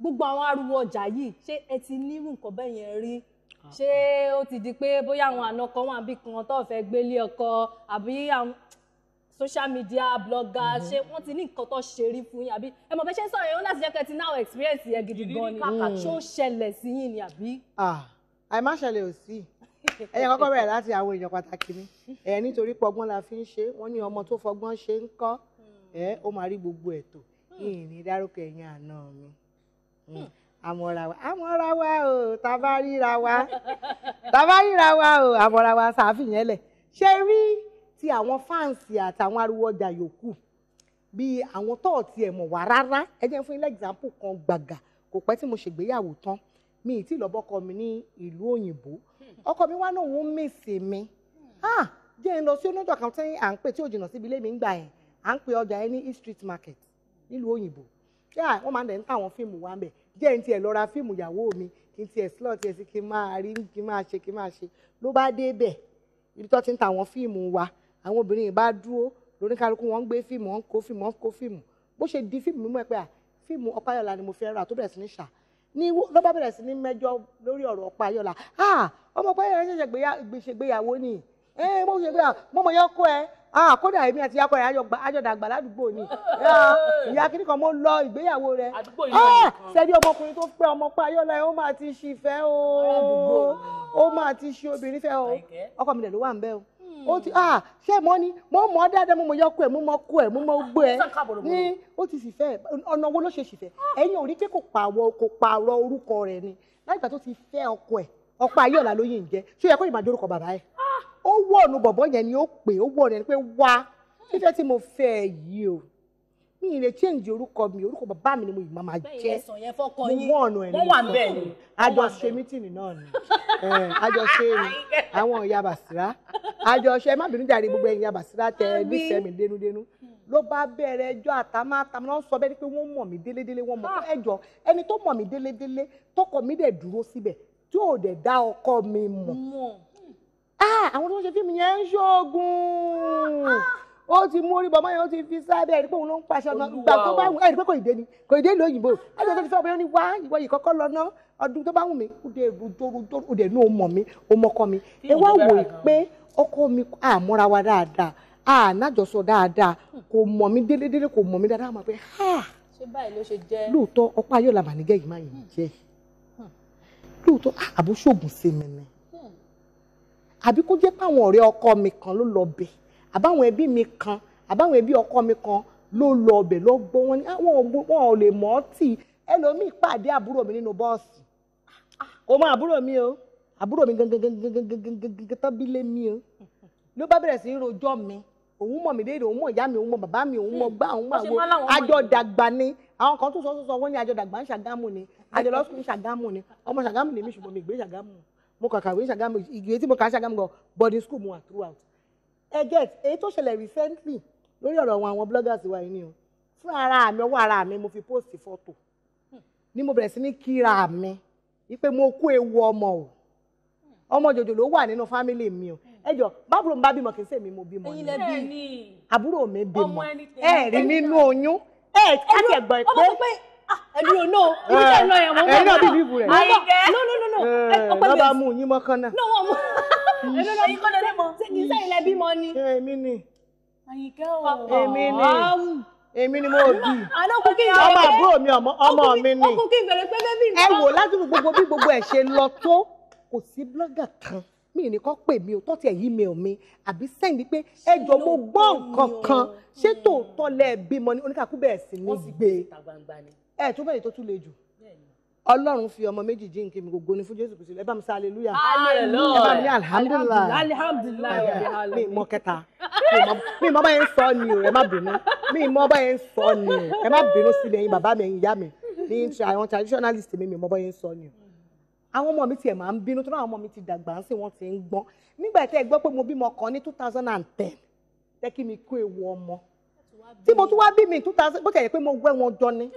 gbogbo àwọn ariwo ọjà yìí ṣé ẹ ti nírú nǹkan bẹ́ẹ̀ yẹn rí ah, ṣé ah. ó ti di pé bóyá àwọn àna kan wà kan tó fẹ́ gbélé ọkọ àbí àwọn social media blogger mhm. ṣé wọ́n ti ní nǹkan tó ṣe rí fún yín àbí ẹ mọ̀ bẹ́ẹ̀ ṣe ń sọ̀rọ̀ yẹn láti jẹ́ kẹ́ ti náà experience yẹn gidi gan ni kàkà ṣó ṣẹlẹ̀ sí yín ni àbí. Ah, àìmáṣẹlẹ̀ ò sí ẹyẹ kọ́kọ́ bẹ̀rẹ̀ láti àwọn èèyàn pàtàkì mi ẹ nítorí pọgbọ́n la fi ń ṣe wọ́n ní ọmọ tó fọgbọ́n ṣe ń kọ́ hmm. ẹ ó máa rí gbogbo ètò hmm. ìní dárúkọ ẹ̀yìn àná mi àmọ́ra wa àmọ́ra wa o tàbá ríra wa tàbá ríra wa o àmọ́ra wa ṣàfihàn lẹ̀ ṣe rí ti àwọn fáǹsì àtàwọn ariwo ọjà yòókù bíi àwọn tó ti mọ̀ wá rárá ẹ jẹ́ fún ilé example kan gbàgà kò pẹ́ tí mo ṣègbéyàwó tán mi ì tí lọ́bọ́kọ mi ní ìlú òyìnbó hmm. ọkọ mi wá náà wọ́n mèsè mi hmm. ah! jẹ́ ń lọ sí onídọ̀ kan tí à ń pè tí ò jìnnà síbi ilé mi ń gbà yẹn à ń pè ọjà ẹ ní East Street Market nílùú òyìnbó wọ́n máa ń dẹ̀ ń ta àwọn fíìmù wa ń jẹ́ n tiẹ̀ lọ ra fíìmù ìyàwó mi kí n tiẹ̀ slot tiẹ̀ sí kí n máa rí kí n máa ṣe kí n máa ṣe ló bá débẹ̀ ibi tó ti ń ta àwọn fíìmù wa àwọn obìnrin yìí bá dúró lóníkálukú wọn ń gbé fíìmù wọn ń kó fíìmù wọn ń kó fíìmù bó ṣe di fíìmù mímú ẹ pé à fíìmù Ọpáyọ̀lá ni mo fẹ́ rà tó bẹ̀rẹ̀ sí ní ṣà ní ló bá bẹ̀rẹ̀ sí ní mẹ́jọ lórí ọ̀rọ̀ Ọpáyọ̀lá ah ọmọ Ọpáyọ̀lá ṣẹ̀ṣẹ̀ gbéyàwó ni ẹ mo ṣe gbéyàwó mo mọ̀ yọ kó ẹ ah kódà èmi àti yakọ yàjọ gba àjọdà àgbà ládùúgbò ni ìyá kìnnì kan mo lọ ìgbéyàwó rẹ sẹni ah, ọmọkùnrin tó fẹ́ ọmọ pa ayọlá ẹ ó máa ti ṣì fẹ́ o ó máa ti ṣì obìnrin fẹ́ o ọkọ mi lẹ ló wà ń bẹ o hmm. ó ti ah ṣé mo ni mo mọ dáadáa mo mọ yọkọ ẹ mo mọ kọ ẹ mo mọ gbọ ẹ ní ó ti sì fẹ́ ọ̀nà owó ló ṣe sì fẹ́ ẹ̀yin ò rí pé kò pààwọ̀ kò pààrọ̀ orúkọ rẹ̀ ni láti gbà tó ti fẹ́ ọkọ ẹ ọ̀pá ayọ̀lá ló yìn jẹ́ ṣé ó kó ìmàjọ orúkọ bàbá ẹ̀. Ah, ó wọ̀nù bọ̀bọ̀ yẹn ni ó pè ó wọ̀nù yẹn ni pé wá fífẹ́ tí mo fẹ́ ẹ yìí o mi ì lè change orúkọ mi orúkọ bàbá mi ni mo yìí máa jẹ́ mo wọ̀nù ẹ̀ ní àjọṣe mítìnì náà ni àjọṣe àwọn ìyá Basira àjọṣe ẹ má bínú jàre gbogbo ẹ̀yin ìyá Basira tẹ nífẹ̀ẹ́ mi dénúdénú ló bá bẹ̀rẹ̀ ẹjọ́ àtàmátàmá náà sọ bẹ́ẹ̀ ni pé wọ́n mọ̀ mí délédélé wọ́n mọ̀ ah. ẹjọ́ ẹni tó mọ̀ mí délédélé tọkọ mi dẹ̀ dúró síbẹ̀ tí ò dẹ̀ dá ọkọ mi mọ̀ Ah, àwọn tó ń ṣe fíìmù yẹn ń ṣoògùn ó ti mú orí bọ̀ mọ́yàn ó ti fi sábẹ́ ẹ̀rí pé òun ló ń paṣọ náà gbà tó bá wù ẹ̀rí pé kò ì dé ni kò ì dé ìlú òyìnbó ẹ̀rí tó ti fẹ́ ọmọ yẹn ní wá ìwọ yìí kọ́kọ́ lọ ná ọdún tó bá wù mí òde òdòdó òde ní òun mọ̀ mí òun mọ̀kọ mi ẹ wá wò ó pé ọkọ mi àmúra wa dáadáa ànájọsọ dáadáa kò mọ̀ mí délédélé kò mọ̀ mí dáadáa máa pẹ́ ha ṣé báyìí ló ṣe jẹ́ lóòótọ́ ọpá yóò làmà nígẹ̀ yìí má yìí jẹ́ hmm. lóòótọ́ àbúṣògùn sí mi ni àbí kó jẹ́ páwọn ọ̀rẹ́ ọkọ mi kan ló lọ bẹ̀ àbáwọn ẹbí mi kan àbáwọn ẹbí ọkọ mi kan ló lọ bẹ̀ lọ gbọ́ wọn ni àwọn ah, wọn ò lè mọ̀ ọ́ tì ẹlòmíì pàdé àbúrò mi nínú bọ́ọ̀sì kò mọ àbúrò mi o àbúrò mi gangan tán bí lé mi o ló bá bẹ̀rẹ̀ sí í rojọ́ mi òun mọ̀ mí déédéé òun mọ̀ ìyá mi òun mọ̀ bàbá mi òun mọ̀ gbá òun mọ̀ àwọn àjọ dàgbà ni àwọn kan tún sọ sọ sọ wọn ní àjọ dàgbà ń ṣàgámù ni àjọ lọ́sùn ń ṣàgámù ni ọmọ ṣàgámù ni mi ṣùgbọ́n mi gbé ṣàgámù mo kà kàwé ṣàgámù ìgbé tí mo kà ṣàgámù gan boarding school mo wà throughout ẹ get èyí tó ṣẹlẹ̀ recently lórí ọ̀rọ̀ àwọn àwọn bloggers wa yìí ni o fún ara mi ọwọ́ ara mi mo fi post fọ́tò ni mo bẹ̀rẹ̀ sí ní kíra mi wípé mo kó ewu ọmọ o ọmọ jòjòló wà nínú fámìlì mi o ẹ jọ bábùrò ń bá bímọ kì í sèmi mo bímọ ni àbúrò mi bímọ ẹ rí nínú oyún ẹ káàkiri ẹgbọn ẹ pé Ah, ẹbí o no ibi tẹ lọ yẹn mo ń bọ eh, bíbí ibu rẹ no no no no ọpẹ mi lọba mu yín mọkànnà. no wọn mọ ẹnu náà yín kọ́ lẹ́lẹ́ mọ sẹ́yìn lẹ bímọ ni. Eh, èmi ni Àyìnkẹ́ o èmi ni èmi ni mo ah, bí ọmọ àbúrò mi ọmọ mi ni ẹ wò láti gbogbo bí gbogbo ẹ ṣe lọ tó kò sí blọ́gà kan mi ní kọ́ pè mí o tọ́ ti ẹ̀ email mi àbí sẹ́yìn pé ẹ mo gbọ́ nǹkan ṣé tòótọ́ lẹ bímọ ní oníkàkú bẹ́ẹ̀ sì ní gbé ẹ tún bẹ̀rẹ̀ tó tún le jù ọlọ́run fi ọmọ méjì jí nkè mi gbogbo ni fún jésù kristu ẹ bá mi sá aleluya ẹ bá mi ní alihamudulilayi alihamudulilayi mi mọ kẹta mi mọ bá yẹn sọ ni o ẹ má bínú mi mọ bá yẹn sọ ni o ẹ má bínú sí mi bàbá mi ìyá mi ní àwọn traditionalist mi mi mọ bá yẹn sọ ni o àwọn ọmọ mi tiẹ̀ máa ń bínú tó náà àwọn ọmọ mi ti dàgbà ń sìn wọ́n ti ń gbọ́n nígbà tẹ́ ẹ gbọ́ pé mo bímọ kan ní two thousand and ten jẹ́ kí mi kó ewu ọmọ tí mo tún wá bí mi two thousand bó ti ẹ̀ yẹ pé mo wẹ́ wọn jọ ni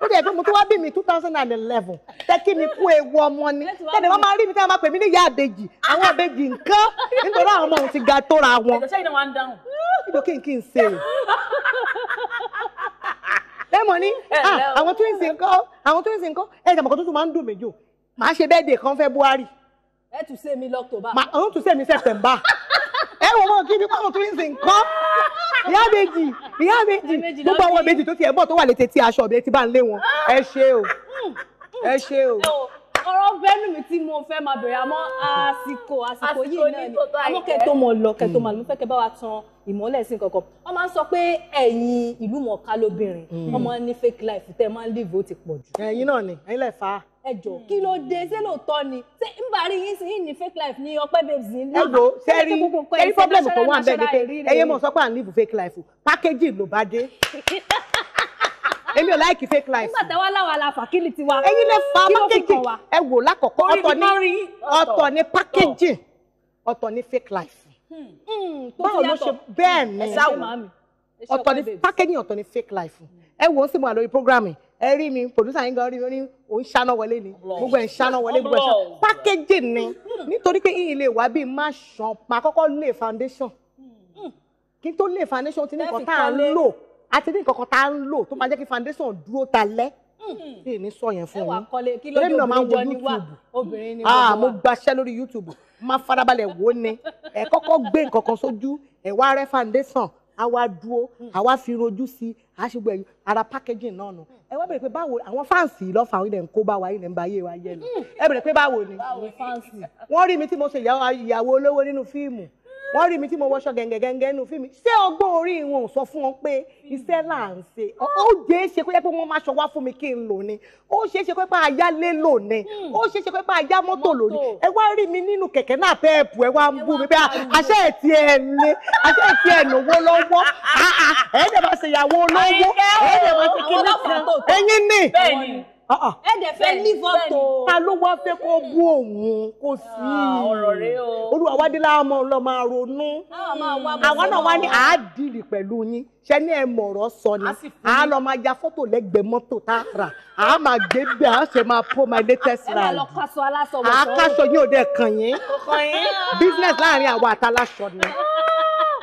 ó dẹ̀ pé mo tó wá bí mi two thousand and eleven tẹ́kí mi kú ewu ọmọ ni tẹ́lẹ̀ wọ́n máa rí mi tẹ́lẹ̀ máa pè mí ní ìyá àbejì àwọn àbejì nǹkan nítorí àwọn ọmọ òun ti ga tóra wọn. ìdòṣẹ́ ìdánwò á ń dáhùn. ìdò kí n kí n ṣe é. lẹ́mọ̀ ni ah, àwọn twins nǹkan àwọn twins nǹkan ẹ̀ ṣàmùkọ́ tuntun máa ń dùn mí jù màá ṣe birthday kan February. ẹ tún ṣe mi l'October. màá tún ṣe mi September. ẹ wọ́n mọ̀ kí ni pàwọn twins ìyá méjì ìyá méjì gbogbo àwọn méjì tó ti ẹ̀ bọ̀ tó wà létí tí aṣọ ọ̀bẹ ti bá ń lé wọn ẹ ṣe o ẹ ṣe o. ọ̀rọ̀ bẹ́ẹ̀nù mi tí mo fẹ́ máa bẹ̀rẹ̀ àmọ́ àsìkò àsìkò yìí náà ni àmọ́ kẹ́ tó mọ̀ lọ kẹ́ tó mọ̀ lọ mo fẹ́ kẹ́ bá wa tan ìmọ́lẹ̀ sí kankan wọ́n máa ń sọ pé ẹ̀yin ìlú mọ̀ọ́ká lóbìnrin hmm. wọ́n máa ń ní fake life tẹ́ máa ń live ó ti pọ̀ jù. ẹ̀yin náà ni ẹ̀yin lè fà á ẹjọ hmm. kí ló dé ṣé lóòótọ́ ni ṣé n bá rí yín sí yín ní fake life ní ọpẹ babes ní. ẹgbò sẹ́rí sẹ́rí problem tó wà bẹ́ẹ̀ ni pé ẹyẹ mọ̀ sọ́pà ń live fake life packaging ló bá dé èmi ò láìkì fake life. nígbà táwa láwa la fà kí ni tiwa. ẹ̀yin lè fa packaging ẹ wò lákọ̀ọ́kọ́ ọ̀tọ̀ ni ọ̀tọ̀ ni packaging ọ̀tọ̀ ni fake life. Hmm. Hmm, báwo ló ṣe bẹ́ẹ̀ ni ọ̀tọ̀ ni packaging ọ̀tọ̀ ni fake life ẹ wò ó sì mú àlórí programming ẹ rí mi producer yín gan rí mi ó ní ó ń ṣáná wọlé ni gbogbo ẹ̀ ń ṣáná wọlé gbogbo ẹ̀ ṣáná pákéjì ni nítorí pé ìyìn lè wá bíi má ṣan máa kọ́kọ́ lè foundation hmm. kí n tó lè foundation ti ní nǹkan tá à ń lò àti ní nǹkan kan tá à ń lò tó máa jẹ́ kí foundation dúró talẹ́ hmm. bí èmi sọ yẹn fún yín torí náà máa ń wo YouTube ah mo gbaṣẹ́ lórí YouTube máa farabalẹ̀ wò ni ẹ kọ́kọ́ gbé nǹkan kan sójú ẹ wá rẹ́ foundation a wá dúró hmm. a wá fi rojú sí a ṣe gbẹ̀yìn ara packaging náà nù hmm. ẹ wá bẹ̀rẹ̀ pé báwo àwọn fáǹsì lọ́fà àwọn ilẹ̀ ń kó bá wa ilẹ̀ ń ba ayé wa yẹ lọ hmm. ẹ bẹ̀rẹ̀ pé báwo ni wọ́n rí mi tí mo ṣe ìyàwó olówó nínú fíìmù lárí mi tí mo wọṣọ gẹ̀ǹgẹ̀ǹgẹ̀ nù fíìmù ṣé ọgbọ́n orí wọn ò sọ fún wọn pé iṣẹ́ là ń ṣe ó jẹ́ ṣe kó yẹ pé wọ́n máa ṣọwá fún mi kí n lò ni ó ṣe é ṣe pé àyá lé lò ni hmm. ó ṣe é ṣe pé àyá mọ́tò lò ni ẹ wá rí mi nínú kẹ̀kẹ́ náà pẹ́ẹ́pù ẹ wá ń bú mi pé àṣẹ ẹ̀tì ẹ̀ ní àṣẹ ẹ̀tì ẹ̀ lówó lọ́wọ́ ẹ̀ẹ́dẹ̀ máa ṣèyàwó olówó ẹ̀ẹ́dẹ̀ máa ṣe kí ẹ dẹ̀ fẹ́ ní olúwa wá dé láàmú lọ máa ronú àwọn náà wá ní àádìrì pẹ̀lú yín ṣe ní ẹ mọ̀rọ̀ sọ ni a lọ máa ya fọ́tò lẹ́gbẹ̀ẹ́ mọ́tò tá a rà a máa gbé bí a ṣe máa pọ́ my latest round a káṣọ yín ò dẹ̀ kàn yín business láàrin àwa àtàlásọ ni.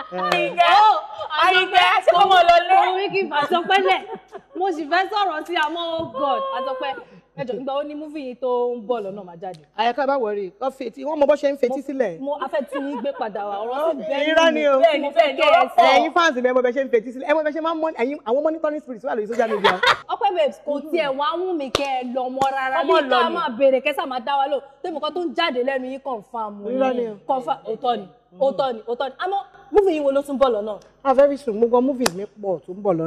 Ah, eh. oh, Àyìnkẹ́ ṣé kọ́mọ lọ lé. Mo wí kí n fà sọpẹ́lẹ̀, mo sì fẹ́ sọ̀rọ̀ sí àmọ́ oh God, àtọpẹ́ ẹjọ ìgbà ó ní múfì yìí tó ń bọ̀ lọ́nà máa jáde. àyàká bá wọrí kọ fetí wọn mọ bó ṣe ń fetí sílẹ̀. mo afẹ́ tí yín gbé padà wá ọ̀rọ̀ sì bẹ́ẹ̀ ni o bẹ́ẹ̀ ni bẹ́ẹ̀ ni ẹ̀sẹ̀. ẹ̀yin fans mi ẹ mọ bẹ ṣe ń fetí sílẹ̀ ẹ mọ bẹ ṣe máa ń mọ ẹ̀yin àwọn monitoring spirit wà lórí social media. ọpẹ́ babes kò tiẹ̀ wá ń mi kẹ ẹ lọ mọ rárá bí ká máa béèrè kẹsà máa dá wa lò tẹmí kan tó ń jáde lẹ́nu yín confam ni yín wo ló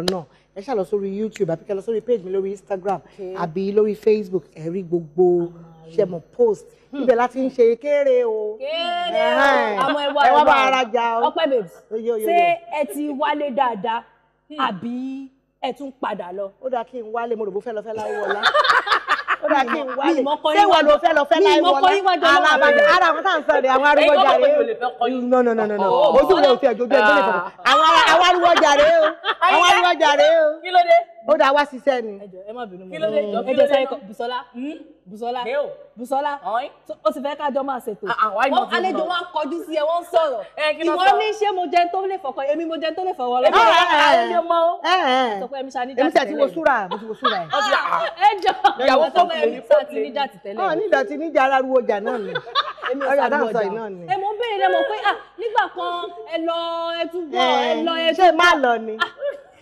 ẹ ṣá lọ sórí YouTube àbí kẹ́ lọ sórí page mi lórí Instagram àbí lórí Facebook ẹ rí gbogbo ṣe mọ post ibẹ̀ láti ń ṣe kéré o kéré o àmọ́ ẹ wá bá ara jà o ọpẹ́ babes ṣé ẹ ti wálé dáadáa hmm. àbí ẹ tún padà lọ. ó dáa kí n wálé mo rò bó fẹ́ lọ fẹ́ láwọ́ ọ̀la. ó dà kí n wá lè ṣé wọn ló fẹ́ lọ fẹ́ láì wọlé alábàjẹ́ ara àwọn tá à ń sọ no no no no no ojú wo ti ẹjọ́ ojú ẹjọ́ lè fọ oh. àwọn arúgbó jàre o àwọn arúgbó jàre o. kí ló dé ó dá wá ṣiṣẹ́ ni. ẹ má bínú mọ́ kí ló dé jọ kí ló dé Bùsọ́lá hmm? Bùsọ́lá Bùsọ́lá ó ti fẹ́ kájọ máa ṣètò ah, wọ́n àlejò wọn kọjú sí ẹ wọ́n sọ̀rọ̀ eh, ìwọ ní ṣé mo jẹun tó lè fọkàn èmi mo jẹun tó lè fọwọ́ lọ́wọ́ àlejò mọ́ ó sọ pé ẹ̀mí ṣáníjà tẹ̀lé èmi ti wo súra mo ti wo súra ẹ̀. Ah. ẹ jọ ìyàwó tó kù èmi sá ti níjà ah, ti tẹ̀lé. ní ìdá ti níjà ara ruwo jà náà ni ọjà náà sọ iná ni. ẹ mo béèrè mọ̀ pé nígbà kan ẹ lọ ẹ túbọ̀ eh, ẹ lọ ẹ túbọ̀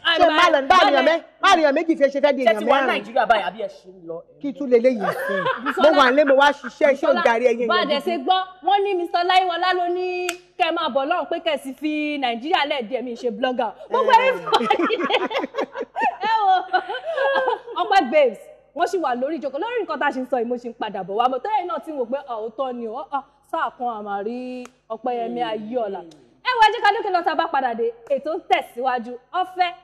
ṣé má lọ bá ènìyàn mẹ má ènìyàn méjì fi ṣe fẹ́ di ènìyàn mẹ́rin. ṣé ti wà nàìjíríà báyìí àbí ẹ ṣe kí tún lè léyìí fún mo wà lé mo wá ṣiṣẹ́ iṣẹ́ òdarí ẹyẹ yẹn. bàdẹ̀ ṣe gbọ́ wọ́n ní Mr. Láyéwọlá ló ní kẹ́ ẹ máa bọ̀ lọ́rùn pé kẹ̀sì fi nàìjíríà lẹ́ẹ̀dí ẹ̀mí ṣe blogger gbogbo ẹ̀rí fún ẹ wo ọpẹ́ babes wọ́n sì wà lórí ìjókòó lórí nǹkan tá a ṣe ń sọ yìí mo ṣe ń padà bọ̀ wá mo tẹ́lẹ̀ náà tí mo gbé ọ̀ọ́tọ́ ni ọ́ sáà kan àmàrí Ọpẹ́yẹmí Ayéọlá ẹ wá jẹ́ ká dókè lọ́ta bá padà dé ètò ń tẹ̀síwájú ọ̀fẹ́